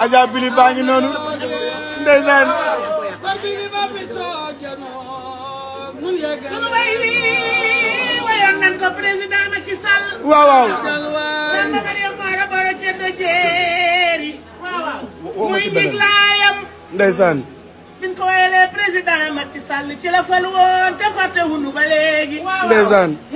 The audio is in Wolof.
Adja Bili baa ngi noonu ndeysaan sunu way wi wayoon nañ ko président Macky Sall waaw waaw samba Maria Mara Baro Ceddo Jeeri waaw muy njig laayam ndeysaan biñ ko wayelee président Macky Sall ci la fal woon te fàtte wunu ba léegi ndeysaan